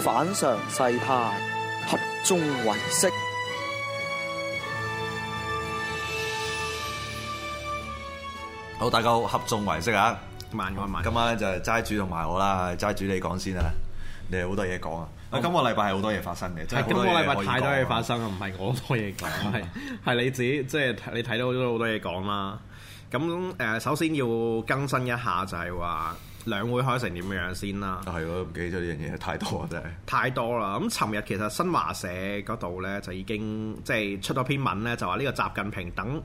反常世態，合眾唯識。好，大家好，合眾唯識啊！晚安，晚好今晚咧就齋主同埋我啦，齋、嗯、主你講先啊，你好多嘢講啊！哦、今個禮拜係好多嘢發生嘅，真係、嗯、今個禮拜太多嘢發生啊，唔係我多嘢講，係係 你自己，即、就、係、是、你睇到咗好多嘢講啦。咁誒、呃，首先要更新一下就，就係話。兩會開成點樣先啦？係我唔記得呢樣嘢太多啊，真係 太多啦。咁尋日其實新華社嗰度呢，就已經即係、就是、出咗篇文呢，就話呢個習近平等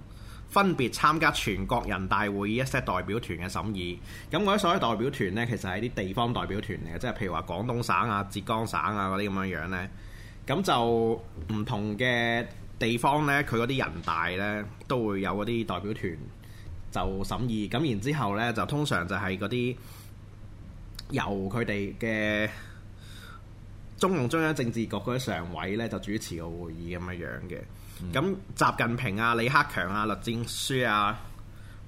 分別參加全國人大會議一些代表團嘅審議。咁嗰啲所謂代表團呢，其實係啲地方代表團嚟嘅，即係譬如話廣東省啊、浙江省啊嗰啲咁樣樣呢。咁就唔同嘅地方呢，佢嗰啲人大呢，都會有嗰啲代表團就審議。咁然之後呢，就通常就係嗰啲。由佢哋嘅中共中央政治局啲常委咧，就主持個會議咁樣樣嘅。咁、嗯、習近平啊、李克強啊、栗戰書啊、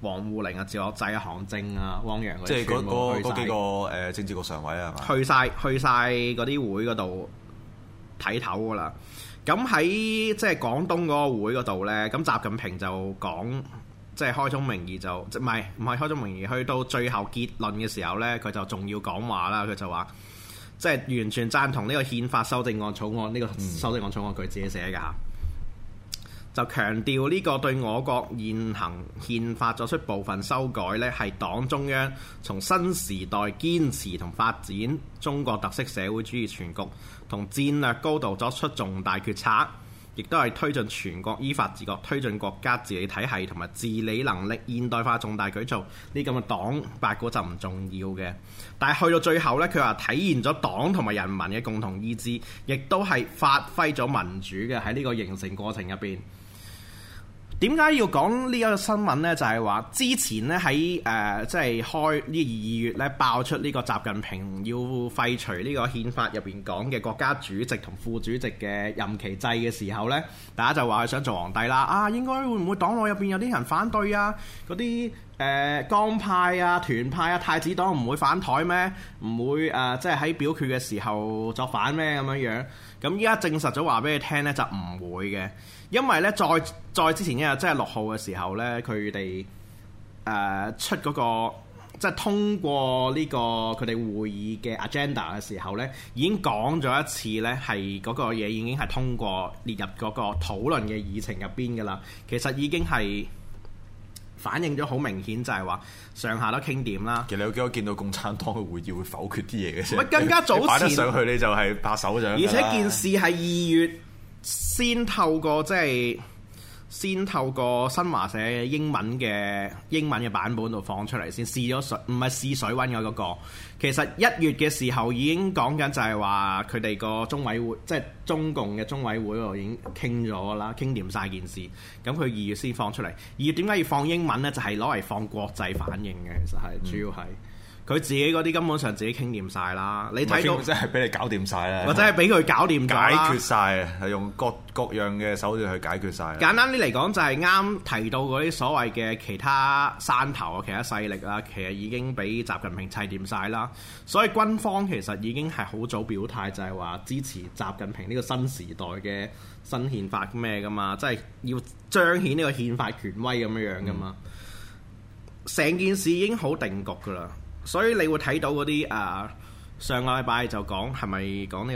王滬寧啊、趙樂際啊、韓正啊、汪洋嗰啲，即係嗰嗰嗰幾個、呃、政治局常委啊，係嘛，去晒，去晒嗰啲會嗰度睇頭噶啦。咁喺即係廣東嗰個會嗰度咧，咁習近平就講。即係開宗明義就，唔係唔係開宗明義，去到最後結論嘅時候呢，佢就仲要講話啦。佢就話，即係完全贊同呢個憲法修正案草案，呢個修正案草案佢自己寫噶、嗯、就強調呢個對我國現行憲法作出部分修改呢，係黨中央從新時代堅持同發展中國特色社會主義全局同戰略高度作出重大決策。亦都係推進全國依法治國、推進國家治理體系同埋治理能力現代化重大舉措，呢咁嘅黨八股就唔重要嘅。但係去到最後呢，佢話體現咗黨同埋人民嘅共同意志，亦都係發揮咗民主嘅喺呢個形成過程入邊。點解要講呢一個新聞呢？就係話之前咧喺誒即係開呢二月咧爆出呢個習近平要廢除呢個憲法入邊講嘅國家主席同副主席嘅任期制嘅時候呢，大家就話佢想做皇帝啦！啊，應該會唔會黨內入邊有啲人反對啊？嗰啲。誒、呃、江派啊、團派啊、太子黨唔會反台咩？唔會誒、呃，即係喺表決嘅時候作反咩咁樣樣？咁依家證實咗話俾你聽呢，就唔會嘅，因為呢，再再之前一日，即係六號嘅時候呢，佢哋誒出嗰、那個即係通過呢、這個佢哋會議嘅 agenda 嘅時候呢，已經講咗一次呢，係嗰個嘢已經係通過列入嗰個討論嘅議程入邊噶啦，其實已經係。反映咗好明顯，就係話上下都傾點啦。其實你有幾多見到共產黨嘅會議會否決啲嘢嘅？唔係更加早前，你擺得上去你就係拍手掌。而且件事係二月先透過，即係。先透過新華社英文嘅英文嘅版本度放出嚟先試，試咗水，唔係試水溫嘅嗰個。其實一月嘅時候已經講緊就係話佢哋個中委會，即係中共嘅中委會度已經傾咗啦，傾掂晒件事。咁佢二月先放出嚟。二月點解要放英文呢？就係攞嚟放國際反應嘅，其實係主要係。嗯佢自己嗰啲根本上自己傾掂晒啦。是你睇到即係俾你搞掂晒啦，或者係俾佢搞掂解決晒啊！係用各各樣嘅手段去解決晒。簡單啲嚟講，就係啱提到嗰啲所謂嘅其他山頭啊、其他勢力啦，其實已經俾習近平砌掂晒啦。所以軍方其實已經係好早表態，就係話支持習近平呢個新時代嘅新憲法咩噶嘛，即係要彰顯呢個憲法權威咁樣樣噶嘛。成件事已經好定局噶啦。所以你會睇到嗰啲誒，上個禮拜就講係咪講呢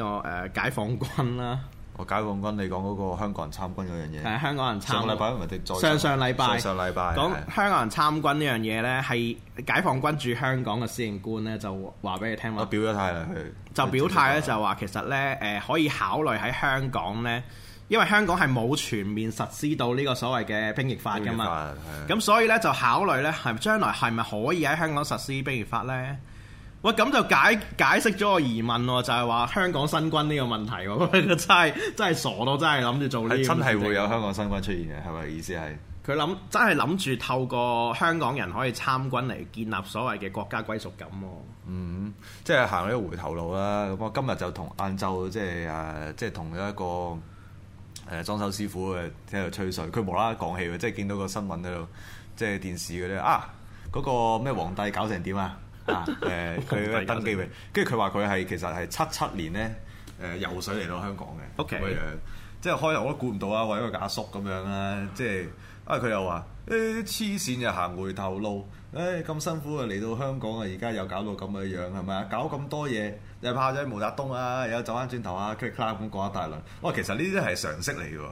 個誒解放軍啦？哦、呃，解放軍、啊，放軍你講嗰個香港人參軍嗰樣嘢。係香港人參。上個禮拜唔係啲，再上上禮拜。上上禮拜講香港人參軍呢樣嘢呢，係解放軍駐香港嘅司令官呢，就話俾你聽我表咗態啦，佢就表態呢，的就話的其實呢，誒、呃、可以考慮喺香港呢。因為香港係冇全面實施到呢個所謂嘅兵役法㗎嘛，咁所以呢，就考慮呢，係咪將來係咪可以喺香港實施兵役法呢？哇！咁就解解釋咗個疑問喎，就係、是、話香港新軍呢個問題喎， 真係真係傻到真係諗住做呢樣嘢，真係會有香港新軍出現嘅係咪意思係？佢諗真係諗住透過香港人可以參軍嚟建立所謂嘅國家歸屬感喎。嗯，即係行咗個回頭路啦。咁我今日就同晏晝即係誒，即係、就是就是就是、同一個。誒裝修師傅誒喺度吹水，佢無啦啦講起喎，即係見到個新聞喺度，即係電視嗰啲啊，嗰、嗰個咩皇帝搞成點 啊？誒佢咧登基喎，跟住佢話佢係其實係七七年咧誒、呃、游水嚟到香港嘅咁樣。Okay. 即係開頭我都估唔到啊，為咗個阿叔咁樣啦，即係啊佢又話誒黐線又行回頭路，誒咁辛苦啊嚟到香港啊，而家又搞到咁嘅樣係咪啊？搞咁多嘢又怕咗毛澤東啊，又走翻轉頭啊，click clap 咁講一大輪。哇、啊，其實呢啲係常識嚟嘅喎，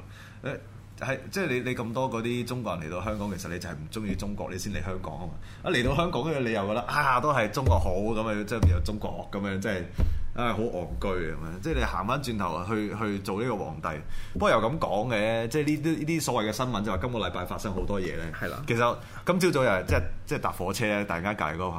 誒係即係你你咁多嗰啲中國人嚟到香港，其實你就係唔中意中國，你先嚟香港啊嘛。啊嚟到香港嘅你又覺得啊都係中國好咁樣，即係唔係中國咁樣，即係。唉，好戇居啊！咁啊，即係你行翻轉頭去去做呢個皇帝。不過又咁講嘅，即係呢啲呢啲所謂嘅新聞就話今個禮拜發生好多嘢咧。係啦，其實今朝早又係即係即係搭火車，大家介嗰下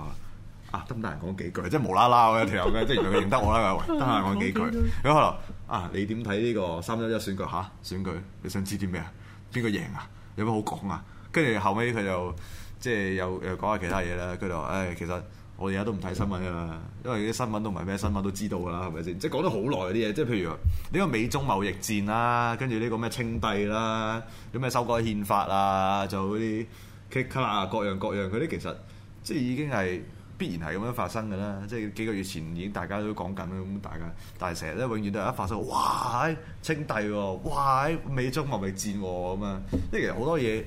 啊，咁得唔得人講幾句，即係無啦啦嘅條友嘅，即、哎、係原來佢認得我啦，得閒講幾句。咁可能 啊，你點睇呢個三一一選舉嚇、啊？選舉你想知啲咩啊？邊個贏啊？有咩好講啊？跟住後尾，佢就即係又又講下其他嘢啦。佢就話唉、哎，其實。我而家都唔睇新聞㗎啦，因為啲新，新聞都唔係咩新聞，都知道㗎啦，係咪先？即係講得好耐啲嘢，即係譬如呢個美中貿易戰啦，跟住呢個咩稱帝啦，有咩修改憲法啊，做嗰啲 kick 啦，各樣各樣嗰啲，其實即係已經係必然係咁樣發生㗎啦。即係幾個月前已經大家都講緊啦，咁大家但係成日咧，永遠都係一發生，哇！稱帝喎，哇！美中貿易戰喎，咁啊，即係其實好多嘢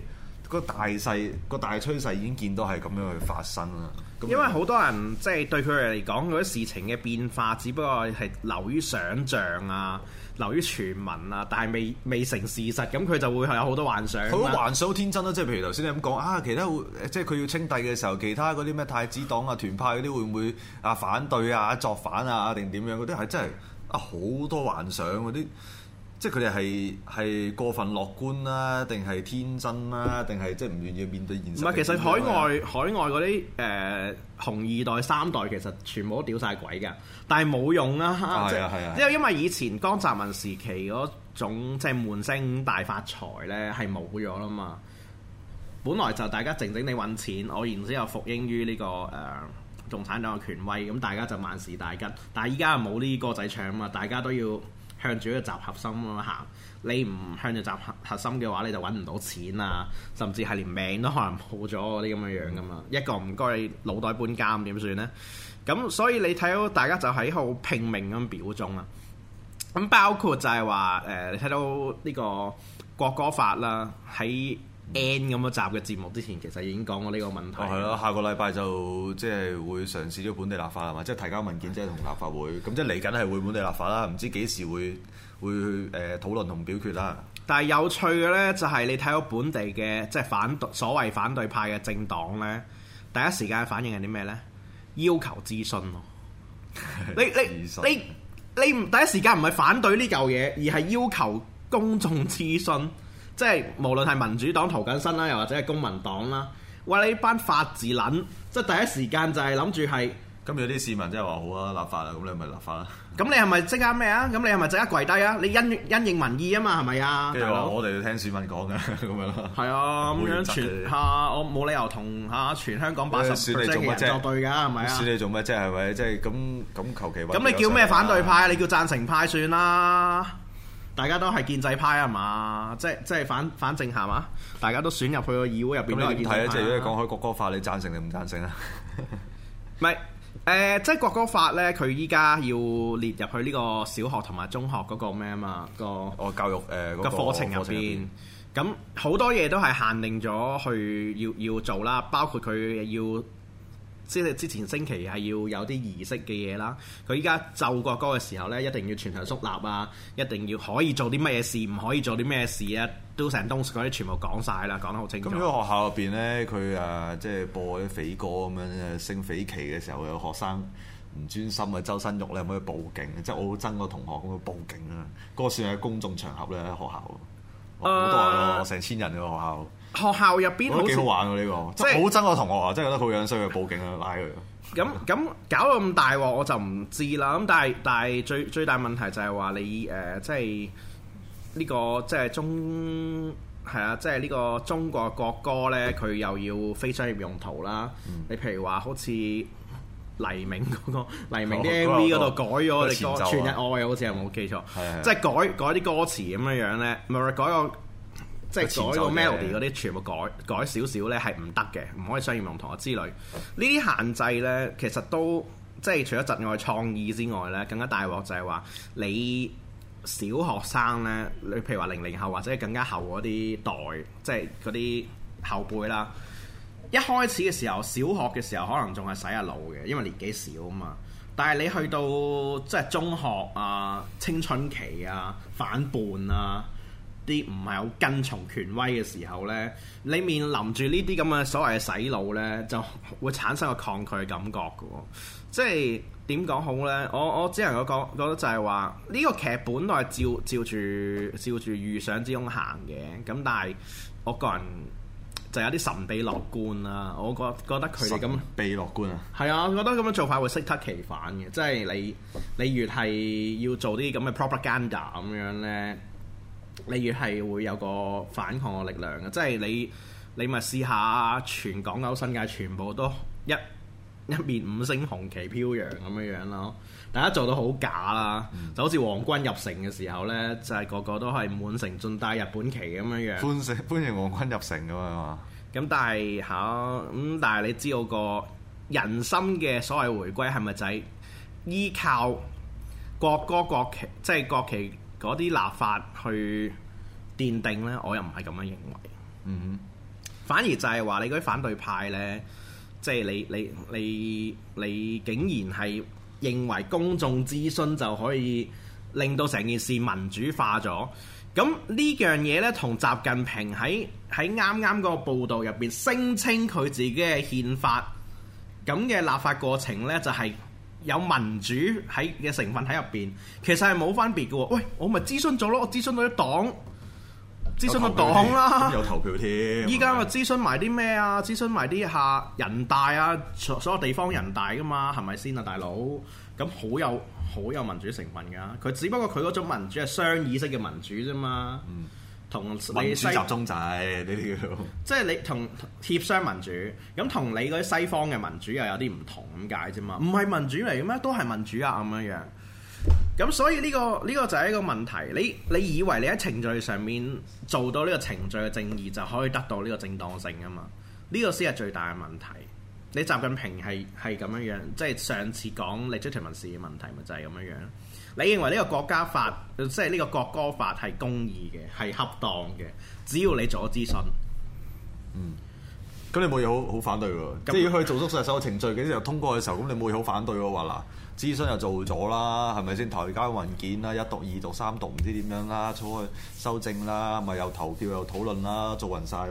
個大勢個大趨勢已經見到係咁樣去發生啦。因為好多人即係、就是、對佢嚟講嗰啲事情嘅變化，只不過係流於想像啊，流於傳聞啊，但係未未成事實，咁佢就會係有好多幻想、啊。佢都幻想好天真啦，即係譬如頭先你咁講啊，其他會即係佢要稱帝嘅時候，其他嗰啲咩太子黨啊、團派嗰啲會唔會啊反對啊、作反啊定點樣嗰啲係真係啊好多幻想嗰、啊、啲。即係佢哋係係過分樂觀啦、啊，定係天真啦、啊，定係即係唔願意面對現實現。唔係，其實海外海外嗰啲誒紅二代、三代其實全部都屌晒鬼嘅，但係冇用啦。係啊係啊，因為以前江澤民時期嗰種即係悶聲大發財咧係冇咗啦嘛。本來就大家靜靜地揾錢，我然之後服膺於呢、這個誒、呃、共產黨嘅權威，咁大家就萬事大吉。但係依家冇呢啲歌仔唱啊嘛，大家都要。向住一個集合心咁行，你唔向住集合核心嘅話，你就揾唔到錢啊，甚至係連命都可能冇咗嗰啲咁嘅樣噶嘛，一個唔該腦袋搬家，咁點算呢？咁所以你睇到大家就喺好拼命咁表忠啊，咁包括就係話誒，你睇到呢個國歌法啦喺。N 咁嘅集嘅節目之前，其實已經講過呢個問題、哦。係咯，下個禮拜就即係、就是、會嘗試咗本地立法係嘛？即係提交文件，即係同立法會。咁 即係嚟緊係會本地立法啦。唔知幾時會會去誒、呃、討論同表決啦。但係有趣嘅呢，就係、是、你睇到本地嘅即係反對所謂反對派嘅政黨呢，第一時間反應係啲咩呢？要求諮詢， 諮詢 你你諮詢你你唔第一時間唔係反對呢嚿嘢，而係要求公眾諮詢。即係無論係民主黨逃緊身啦，又或者係公民黨啦，哇！你班法治撚，即係第一時間就係諗住係。今日有啲市民即係話好啊，立法啦，咁你咪立法啦。咁 你係咪即刻咩啊？咁你係咪即刻跪低啊？你因因應民意啊嘛，係咪啊？即係話我哋要聽市民講嘅咁樣咯。係啊，咁樣、嗯、全下、啊，我冇理由同下、啊、全香港八十 percent 作對嘅係咪啊？你做咩？即係係咪？即係咁咁求其屈。咁你叫咩反對派？啊、你叫贊成派算啦。大家都係建制派啊嘛，即係即係反反正下嘛，大家都選入去個議會入邊都係建制派。咁你點睇咧？即係如果講開國歌法，你贊成定唔贊成啊？唔係誒，即係國歌法咧，佢依家要列入去呢個小學同埋中學嗰個咩啊嘛個哦教育誒嘅、呃、那個、課程入邊。咁好多嘢都係限定咗去要要做啦，包括佢要。即係之前升旗係要有啲儀式嘅嘢啦，佢依家奏國歌嘅時候呢，一定要全場肅立啊，一定要可以做啲乜嘢事，唔可以做啲咩事啊，都成東西嗰啲全部講晒啦，講得好清楚。咁喺學校入邊呢，佢誒、啊、即係播啲匪歌咁樣誒升匪旗嘅時候，有學生唔專心啊，周身郁咧，有冇去報警？即係我好憎個同學咁去報警啊。嗰個算係公眾場合呢，喺學校，好多啊，成千人嘅學校。學校入邊都幾好玩喎，呢個、就是，即係好憎我同學啊，即係覺得好樣衰，佢報警啊、嗯，拉佢、嗯。咁咁搞到咁大鑊，我就唔知啦。咁但係但係最最大問題就係話你誒、呃，即係呢、這個即係中係啊，即係呢個中國國歌咧，佢又要非商業用途啦。嗯、你譬如話好似黎明嗰、那個黎明啲 MV 嗰度改咗、那個，你、嗯、個、啊、全日愛好似有冇記錯？即係、嗯、是的 改改啲歌詞咁樣樣呢？唔、就、係、是、改個。改即係改個 melody 嗰啲，全部改改少少呢係唔得嘅，唔可以商業用途啊之類。呢啲限制呢，其實都即係除咗窒礙創意之外呢，更加大鑊就係話你小學生呢，你譬如話零零後或者更加後嗰啲代，即係嗰啲後輩啦。一開始嘅時候，小學嘅時候可能仲係洗下腦嘅，因為年紀小啊嘛。但係你去到即係中學啊、青春期啊、反叛啊。啲唔係好跟從權威嘅時候呢，你面臨住呢啲咁嘅所謂嘅洗腦呢，就會產生個抗拒嘅感覺嘅喎。即係點講好呢？我我只能夠講，覺得就係話呢個劇本都係照照住照住預想之中行嘅。咁但係我個人就有啲神秘樂觀啦。我覺覺得佢咁被樂觀啊，係啊，我覺得咁樣做法會適得其反嘅。即係你你越係要做啲咁嘅 propaganda 咁樣呢。你越係會有個反抗嘅力量嘅，即係你你咪試下全港九新界全部都一一面五星紅旗飄揚咁樣樣咯，大家做到好假啦，就好似皇軍入城嘅時候呢，就係、是、個個都係滿城盡帶日本旗咁樣樣。歡迎歡迎皇軍入城㗎嘛！咁、嗯、但係嚇，咁、嗯、但係你知道個人心嘅所謂回歸係咪就係依靠國歌國旗，即係國旗？嗰啲立法去奠定呢，我又唔係咁樣認為。嗯，反而就係話，你嗰啲反對派呢，即係你你你你竟然係認為公眾諮詢就可以令到成件事民主化咗，咁呢樣嘢呢，同習近平喺喺啱啱嗰個報導入邊聲稱佢自己嘅憲法咁嘅立法過程呢，就係。有民主喺嘅成分喺入邊，其實係冇分別嘅喎。喂，我咪諮詢咗咯，我諮詢到啲黨，諮詢個黨啦，有投票添。依家我諮詢埋啲咩啊？諮詢埋啲下人大啊，所有地方人大噶嘛，係咪、嗯、先啊，大佬？咁好有好有民主成分㗎。佢只不過佢嗰種民主係商議式嘅民主啫嘛。嗯民主集中制呢啲，即係你同協商民主，咁同你嗰啲西方嘅民主又有啲唔同咁解啫嘛，唔係民主嚟嘅咩？都係民主啊咁樣樣。咁所以呢個呢個就係一個問題，你你以為你喺程序上面做到呢個程序嘅正義就可以得到呢個正當性啊嘛？呢個先係最大嘅問題。你習近平係係咁樣樣，即係上次講你追條民事嘅問題，咪就係咁樣樣。你認為呢個國家法，即係呢個國歌法，係公義嘅，係恰當嘅。只要你做咗諮詢，嗯，咁你冇嘢好好反對喎。嗯、即係要去做足曬所有程序，咁之後通過嘅時候，咁你冇嘢好反對喎。話嗱，諮詢又做咗啦，係咪先？提交文件啦，一讀二讀三讀，唔知點樣啦，初去修正啦，咪又投票又討論啦，做完曬，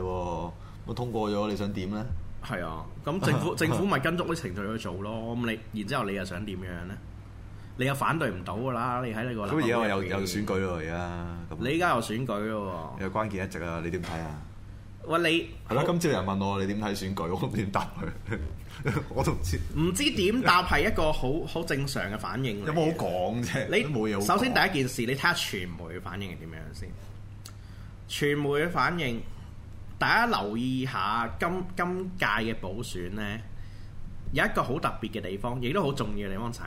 咁通過咗，你想點咧？係啊，咁政府 政府咪跟足啲程序去做咯。咁你然之後你，後你又想點樣咧？你又反對唔到噶啦！你喺呢個咁而家有又選舉咯，而家你而家有選舉咯，有關鍵一直啊！你點睇啊？喂，你係咯的我今朝有人問我你點睇選舉，我點答佢？ 我都唔知唔知點答係一個好好 正常嘅反應。有冇好講啫？你首先第一件事，你睇下傳媒反應係點樣先？傳媒嘅反應，大家留意下今今屆嘅補選呢，有一個好特別嘅地方，亦都好重要嘅地方係、就係。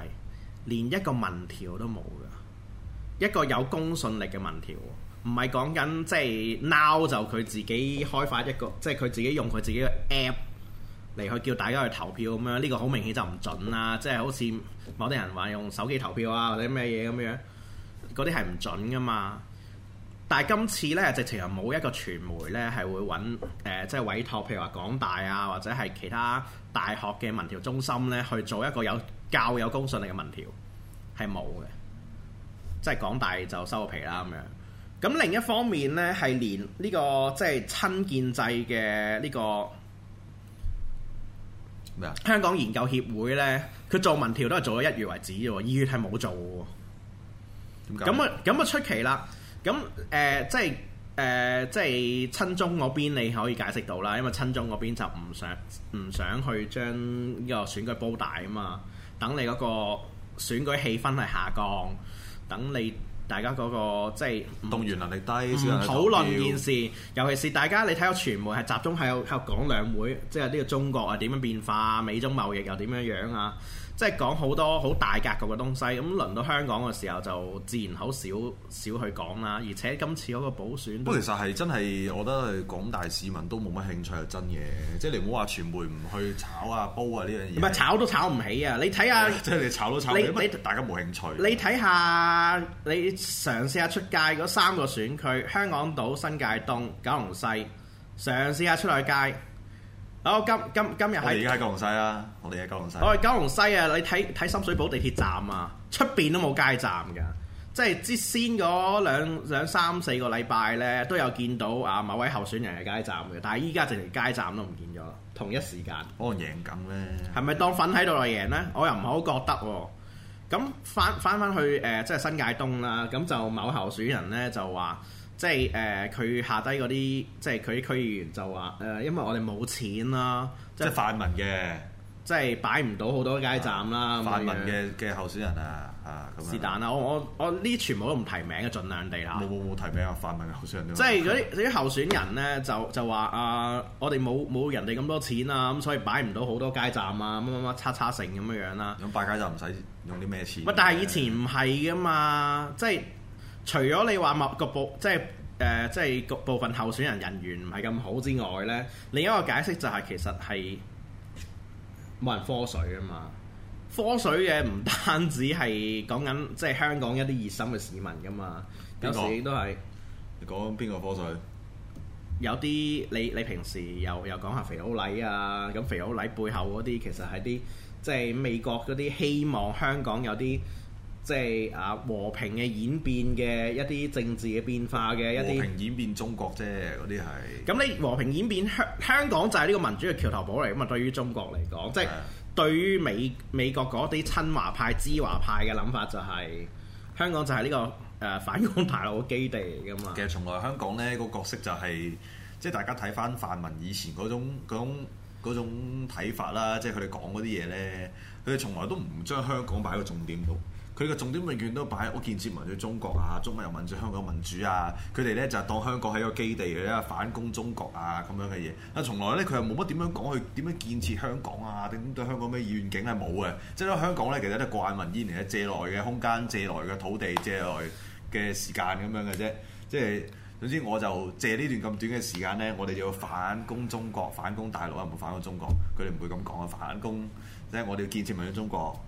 連一個民調都冇㗎，一個有公信力嘅民調，唔係講緊即係撈就佢自己開發一個，即係佢自己用佢自己嘅 App 嚟去叫大家去投票咁樣，呢個好明顯就唔準啦，即係好似某啲人話用手機投票啊或者咩嘢咁樣，嗰啲係唔準噶嘛。但係今次呢，直情又冇一個傳媒呢係會揾誒，即係委託，譬如話港大啊或者係其他大學嘅民調中心呢去做一個有。較有公信力嘅民調係冇嘅，即係港大就收皮啦。咁樣咁另一方面呢，係連呢、呢個即係親建制嘅呢、呢個咩啊？香港研究協會呢，佢做民調都係做咗一月為止啫，二月係冇做嘅。咁咁啊咁啊出奇啦！咁誒、呃，即係誒、呃，即係親中嗰邊你可以解釋到啦，因為親中嗰邊就唔想唔想去將呢個選舉煲大啊嘛。等你嗰個選舉氣氛係下降，等你大家嗰、嗰個即係動員能力低，討論件事，尤其是大家你睇下傳媒係集中喺度講兩會，即係呢個中國啊點樣變化，美中貿易又點樣樣啊。即係講好多好大格局嘅東西，咁輪到香港嘅時候就自然好少少去講啦。而且今次嗰個補選，不過其實係真係，我覺得係廣大市民都冇乜興趣係真嘢。即係你唔好話傳媒唔去炒啊、煲啊呢樣嘢。唔係炒都炒唔起啊！你睇下，即係你炒都炒唔起你，你大家冇興趣。你睇下，你嘗試下出街嗰三個選區：香港島、新界東、九龍西，嘗試下出嚟街。我、哦、今今今日喺，我哋依家喺九龍西啦，我哋喺九龍西。我哋九龍西啊，你睇睇深水埗地鐵站啊，出邊都冇街站嘅，即係之先嗰兩三四個禮拜咧，都有見到啊某位候選人嘅街站嘅，但係依家整條街站都唔見咗。同一時間，可能贏緊咧，係咪當粉喺度嚟贏咧？我又唔係好覺得喎。咁翻翻翻去誒、呃，即係新界東啦，咁就某候選人咧就話。即係誒，佢下低嗰啲，即係佢啲區議員就話誒，因為我哋冇錢啦，即係泛民嘅，即係擺唔到好多街站啦。泛民嘅嘅候選人啊，啊咁。是但啦，我我我呢啲全部都唔提名嘅，儘量地啦。冇冇冇提名啊！泛民嘅候選人。即係嗰啲啲候選人咧，就就話啊，我哋冇冇人哋咁多錢啊，咁所以擺唔到好多街站啊，乜乜乜叉叉成咁樣樣啦。咁擺街站唔使用啲咩錢？唔但係以前唔係噶嘛，即係。除咗你話某個部即係誒，即係個、呃、部分候選人人緣唔係咁好之外呢，另一個解釋就係、是、其實係冇人科水啊嘛。科水嘅唔單止係講緊即係香港一啲熱心嘅市民㗎嘛，有時都係。你講邊個科水？有啲你你平時又又講下肥佬黎啊，咁肥佬黎背後嗰啲其實係啲即係美國嗰啲希望香港有啲。即係啊，和平嘅演變嘅一啲政治嘅變化嘅一啲和平演變中國啫，嗰啲係。咁你和平演變香香港就係呢個民主嘅橋頭堡嚟。咁啊對於中國嚟講，即係的對於美美國嗰啲親華派、知華派嘅諗法就係、是、香港就係呢、這個誒、呃、反攻大陸嘅基地嚟㗎嘛。其實從來香港呢、呢個角色就係即係大家睇返泛民以前嗰種嗰種睇法啦，即係佢哋講嗰啲嘢呢，佢哋從來都唔將香港擺喺個重點度。佢個重點永遠都擺喺屋建設民主中國啊，中國又民主香港民主啊，佢哋咧就當香港係個基地嚟反攻中國啊咁樣嘅嘢。但係從來咧，佢又冇乜點樣講去點樣建設香港啊，定對香港咩願景係冇嘅。即係香港咧其實都係過眼雲煙嚟借來嘅空間，借來嘅土地，借來嘅時間咁樣嘅啫。即係總之我，我就借呢段咁短嘅時間咧，我哋就要反攻中國，反攻大陸啊，唔會反攻中國。佢哋唔會咁講啊，反攻即係、就是、我哋要建設民主中國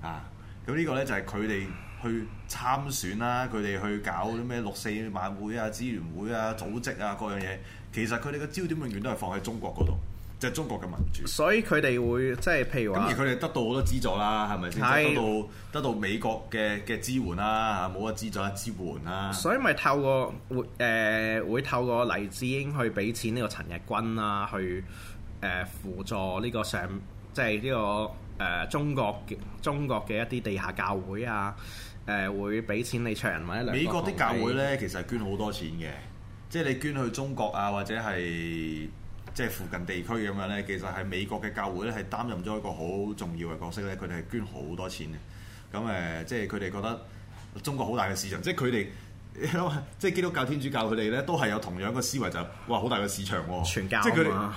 啊。咁呢個呢，就係佢哋去參選啦、啊，佢哋去搞啲咩六四晚會啊、支聯會啊、組織啊各樣嘢。其實佢哋嘅焦點永遠都係放喺中國嗰度，就係、是、中國嘅民主。所以佢哋會即係譬如話，咁而佢哋得到好多資助啦、啊，係咪先？的得到得到美國嘅嘅支援啦、啊，冇乜資助支援啦、啊。所以咪透過會誒、呃、會透過黎智英去俾錢呢個陳日君啦、啊，去誒、呃、輔助呢個上即係呢、這個。誒、呃、中國嘅中國嘅一啲地下教會啊，誒、呃、會俾錢你長人揾一兩百萬。美國啲教會呢，其實捐好多錢嘅，即係你捐去中國啊，或者係即係附近地區咁樣呢，其實係美國嘅教會呢，係擔任咗一個好重要嘅角色呢，佢哋係捐好多錢嘅。咁誒、呃，即係佢哋覺得中國好大嘅市場，即係佢哋。即係基督教、天主教佢哋咧，都係有同樣個思維，就係，就哇好大個市場喎，即係佢，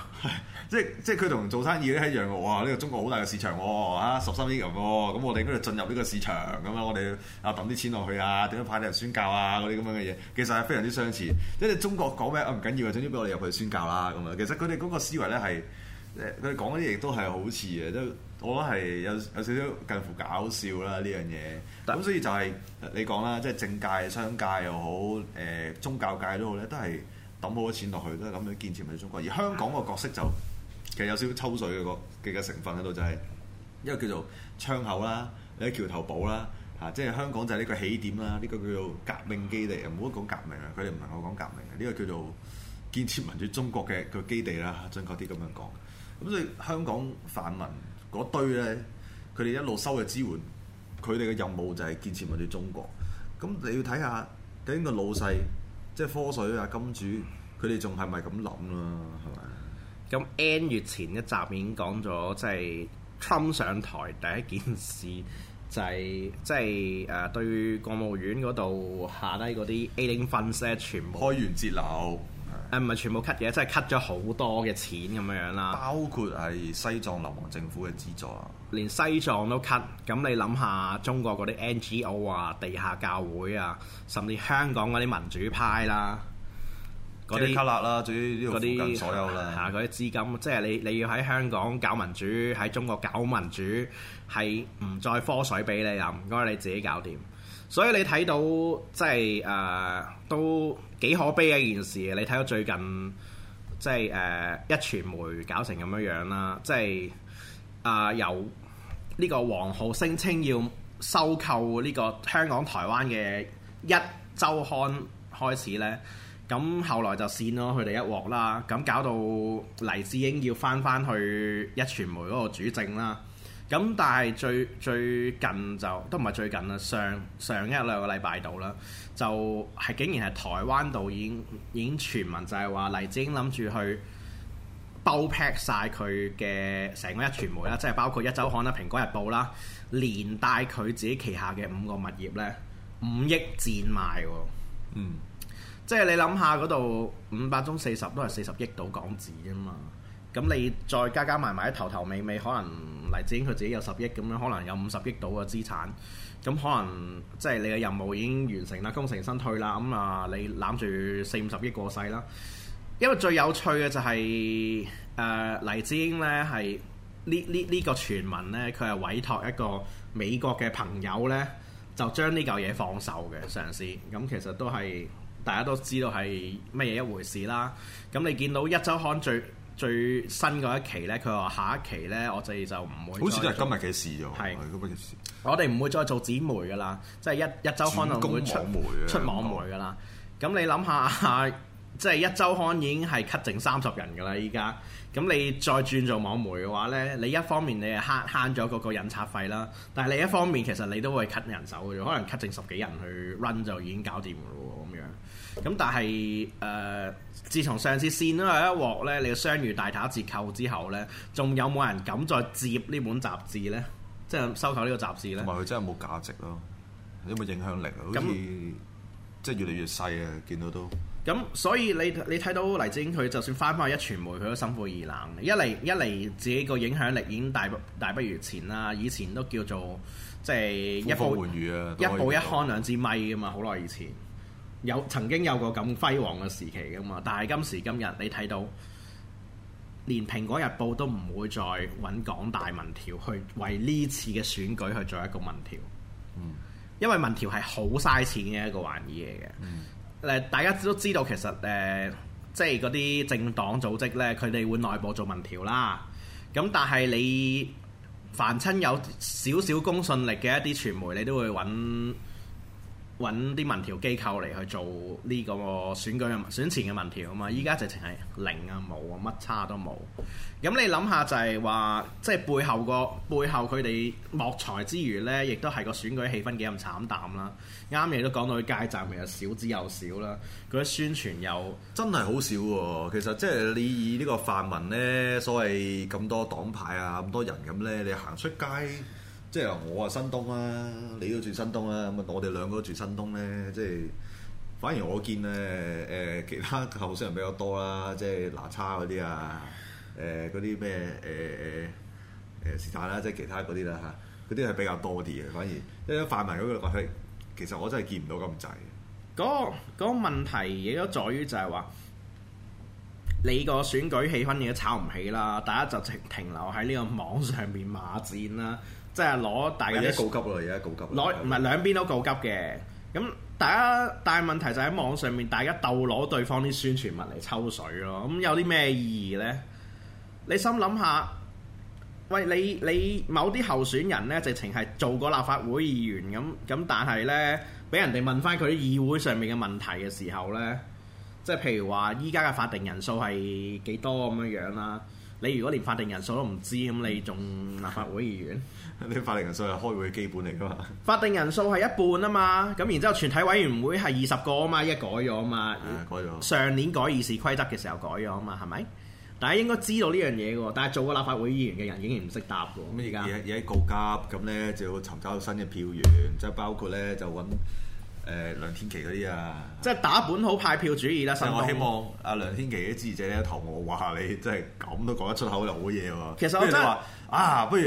即係即係佢同做生意咧一樣嘅。哇！呢個中國好大嘅市場喎，十三億人喎，咁我哋喺度進入呢個市場咁樣，我哋啊揼啲錢落去啊，點樣派啲人宣教啊，嗰啲咁樣嘅嘢，其實係非常之相似。即係中國講咩啊？唔緊要，總之俾我哋入去宣教啦。咁啊，其實佢哋嗰個思維咧係誒，佢哋講嗰啲嘢都係好似嘅都。即我覺得係有有少少近乎搞笑啦呢樣嘢，咁對所以就係你講啦，即係政界、商界又好，誒宗教界都好咧，都係抌好多錢落去，都係諗住建設民主中國。而香港個角色就其實有少少抽水嘅個嘅成分喺度，就係一個叫做窗口啦，你喺橋頭堡啦嚇，即係香港就係呢個起點啦，呢個叫做革命基地啊，唔好講革命啊，佢哋唔係我講革命啊，呢個叫做建設民主中國嘅個基地啦，準確啲咁樣講。咁所以香港泛民。嗰堆咧，佢哋一路收嘅支援，佢哋嘅任務就係建設我哋中國。咁你要睇下，究竟個老細，即係科水啊金主，佢哋仲係咪咁諗啊？係咪？咁 N 月前一集已經講咗，即係 Trump 上台第一件事就係、是，即係誒、呃、對國務院嗰度下低嗰啲 A 零分 set 全部開源節流。誒，唔係全部 cut 嘢，即係 cut 咗好多嘅錢咁樣啦。包括係西藏流亡政府嘅資助啊，連西藏都 cut。咁你諗下中國嗰啲 NGO 啊、地下教會啊，甚至香港嗰啲民主派啦、啊，嗰啲 cut 啦，最嗰啲所有啦嚇，嗰啲、啊、資金即係你你要喺香港搞民主，喺中國搞民主，係唔再科水俾你，又唔該你自己搞掂。所以你睇到即係誒、呃、都。幾可悲嘅一件事，你睇到最近即係誒、呃、一傳媒搞成咁樣樣啦，即係啊由呢個黃浩聲稱要收購呢個香港台灣嘅《一週刊》開始呢，咁後來就線咗佢哋一鑊啦，咁搞到黎智英要翻翻去一傳媒嗰度主政啦。咁但係最最近就都唔係最近啦，上上一兩個禮拜度啦，就係竟然係台灣度已經已經傳聞，就係話黎智英諗住去爆劈曬佢嘅成個一傳媒啦，即係、嗯、包括《一週刊》啦，《蘋果日報》啦，連帶佢自己旗下嘅五個物業呢，五億賤賣喎。嗯。即係你諗下嗰度五百宗四十都係四十億度港紙啊嘛～咁你再加加埋埋，頭頭尾尾可能黎智英佢自己有十億咁樣，可能有五十億到嘅資產。咁可能即係你嘅任務已經完成啦，功成身退啦。咁、嗯、啊，你攬住四五十億過世啦。因為最有趣嘅就係、是、誒、呃、黎智英呢係呢呢呢個傳聞呢，佢係委託一個美國嘅朋友呢，就將呢嚿嘢放手嘅嘗試。咁、嗯、其實都係大家都知道係乜嘢一回事啦。咁、嗯、你見到壹週刊最最新嗰一期咧，佢話下一期咧，我哋就唔會。好似都係今日嘅事啫。係今日嘅事。我哋唔會再做紙媒噶啦，即係一一週刊可能會出網媒出網媒噶啦。咁你諗下，即係一週刊已經係 cut 剩三十人㗎啦，依家。咁你再轉做網媒嘅話咧，你一方面你係慳慳咗嗰個印刷費啦，但係你一方面其實你都會 cut 人手嘅，可能 cut 剩十幾人去 run 就已經搞掂㗎啦。咁但係誒、呃，自從上次線都係一鑊咧，你嘅商譽大打折扣之後咧，仲有冇人敢再接呢本雜誌呢？即係收購呢個雜誌呢？唔係佢真係冇價值咯，有冇影響力好似、嗯、即係越嚟越細啊！見到都咁，所以你你睇到黎智英，佢就算翻翻去一傳媒，佢都心灰意冷。一嚟一嚟，自己個影響力已經大不大不如前啦。以前都叫做即係一鋪、啊、一鋪一康兩支咪㗎嘛，好耐以前。有曾經有個咁輝煌嘅時期㗎嘛，但係今時今日你睇到，連《蘋果日報》都唔會再揾港大民調，去為呢次嘅選舉去做一個民調。嗯。因為民調係好嘥錢嘅一個玩意嚟嘅。嗯。大家都知道其實誒、呃，即係嗰啲政黨組織呢，佢哋會內部做民調啦。咁但係你凡親有少少公信力嘅一啲傳媒，你都會揾。揾啲民調機構嚟去做呢個選舉嘅選前嘅民調啊嘛，依家直情係零啊，冇啊，乜差都冇。咁你諗下就係話，即係背後個背後佢哋獲才之餘呢，亦都係個選舉氣氛幾咁慘淡啦、啊。啱嘢都講到啲街站其實少之又少啦，嗰啲宣傳又真係好少喎、啊。其實即係你以呢個泛民呢，所謂咁多黨派啊咁多人咁呢，你行出街，即係我話新東啦，你住都住新東啦。咁啊，我哋兩個都住新東咧，即係反而我見咧誒、呃，其他後生人比較多啦，即係嗱叉嗰啲、呃呃呃、啊，誒嗰啲咩誒誒誒時差啦，即係其他嗰啲啦嚇，嗰啲係比較多啲嘅。反而一啲泛民嗰個角色，其實我真係見唔到咁滯嘅。嗰嗰、那個那個問題亦都在於就係話你個選舉氣氛亦都炒唔起啦，大家就停停留喺呢個網上面罵戰啦。即係攞大家告急咯，而家告急。攞唔係兩邊都告急嘅。咁大家，但係問題就喺網上面，大家鬥攞對方啲宣傳物嚟抽水咯。咁有啲咩意義呢？你心諗下，喂，你你某啲候選人呢，直情係做過立法會議員咁咁，但係呢，俾人哋問翻佢議會上面嘅問題嘅時候呢，即係譬如話，依家嘅法定人數係幾多咁樣樣啦。你如果連法定人數都唔知，咁你仲立法會議員？啲 法定人數係開會嘅基本嚟噶嘛？法定人數係一半啊嘛，咁然之後全體委員會係二十個啊嘛，一改咗啊嘛，啊改咗上年改議事規則嘅時候改咗啊嘛，係咪？大家應該知道呢樣嘢噶，但係做過立法會議員嘅人仍然唔識答噶，咁而家而喺告急，咁呢就要尋找到新嘅票源，即係包括呢就揾。誒、呃、梁天琦嗰啲啊，即係打本好派票主義啦，啊！所以我希望阿梁天琦嘅支持者咧投我，哇！你真係咁都講得出口又好嘢喎。其實我真係話啊，不如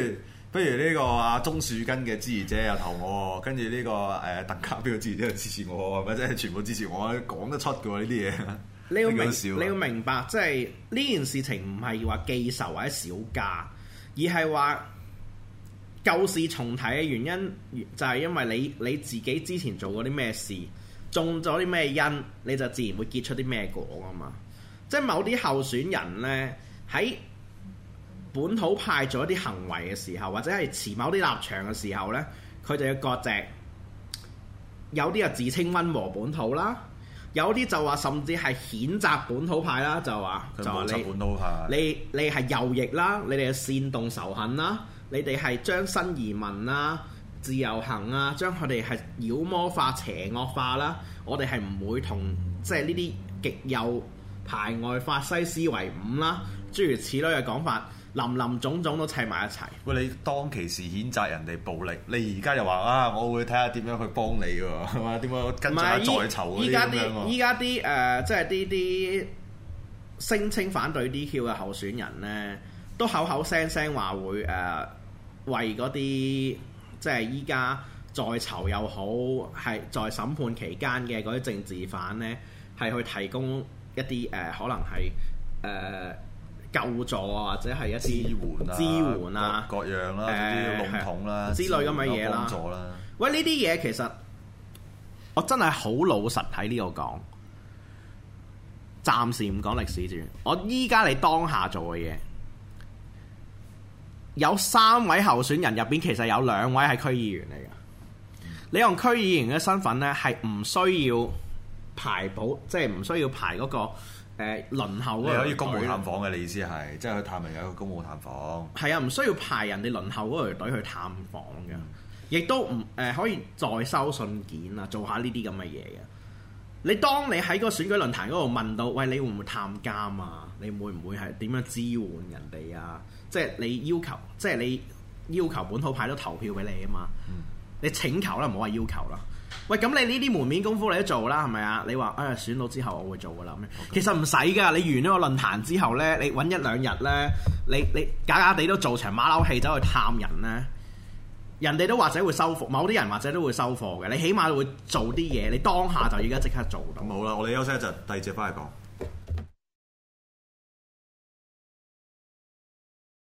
不如呢，這個阿鍾樹根嘅支持者啊投我，跟住呢，這個誒鄧家彪支持者支持我，咁咪真係全部支持我，講得出嘅喎呢啲嘢。你要明 你要明白，明白 即係呢件事情唔係話記仇或者小家，而係話。舊事重提嘅原因，就係因為你你自己之前做過啲咩事，種咗啲咩因，你就自然會結出啲咩果啊嘛！即係某啲候選人呢，喺本土派做一啲行為嘅時候，或者係持某啲立場嘅時候呢，佢就嘅國籍要割席，有啲啊自稱溫和本土啦，有啲就話甚至係譴責本土派啦，就話就話你你你係右翼啦，你哋係煽動仇恨啦。你哋係將新移民啦、自由行啊，將佢哋係妖魔化、邪惡化啦，我哋係唔會同即係呢啲極右排外法西斯為伍啦，諸如此類嘅講法，林林總總都砌埋一齊。喂，你當其時譴責人哋暴力，你而家又話啊，我會睇下點樣去幫你喎，係嘛、啊？點樣跟進再籌嗰啲依家啲，依家啲誒，即係啲啲聲稱反對 DQ 嘅候選人呢，都口口聲聲話會誒。呃為嗰啲即係依家在囚又好，係在審判期間嘅嗰啲政治犯呢，係去提供一啲誒、呃，可能係誒、呃、救助啊，或者係一啲支援啊、各、各樣啦、啊、啲窿筒啦之類咁嘅嘢啦。喂，呢啲嘢其實我真係好老實喺呢度講，暫時唔講歷史住，我依家你當下做嘅嘢。有三位候選人入面，其實有兩位係區議員嚟㗎。你用區議員嘅身份呢，係唔需要排保，即係唔需要排嗰、嗰個誒輪、呃、候。你可以公務探訪嘅，你意思係即係去探民有公務探訪。係啊，唔需要排人哋輪候嗰隊去探訪嘅，亦都唔誒、呃、可以再收信件啊，做下呢啲咁嘅嘢嘅。你當你喺嗰個選舉論壇嗰度問到，喂，你會唔會探監啊？你會唔會係點樣支援人哋啊？即係你要求，即係你要求本土派都投票俾你啊嘛？嗯、你請求啦，唔好話要求啦。喂，咁你呢啲門面功夫你都做啦，係咪啊？你話，哎呀，選到之後我會做噶啦咩？覺其實唔使㗎，你完呢個論壇之後呢，你揾一兩日呢，你你假假地都做場馬騮戲走去探人呢。人哋都或者會收貨，某啲人或者都會收貨嘅。你起碼會做啲嘢，你當下就而家即刻做。咁好啦，我哋休息一陣，第二節返嚟講。